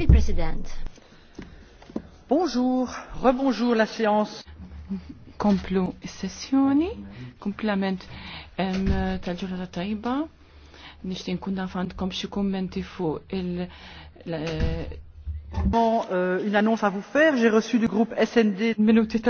Il-President. Bonjour, rebonjour la séance. Komplu sessjoni komplement tal-ġurnata tajba. Nishtin kun għandkom xie kommenti fu il- eh, Bon, euh, une annonce à vous faire. J'ai reçu du groupe SND. Minuti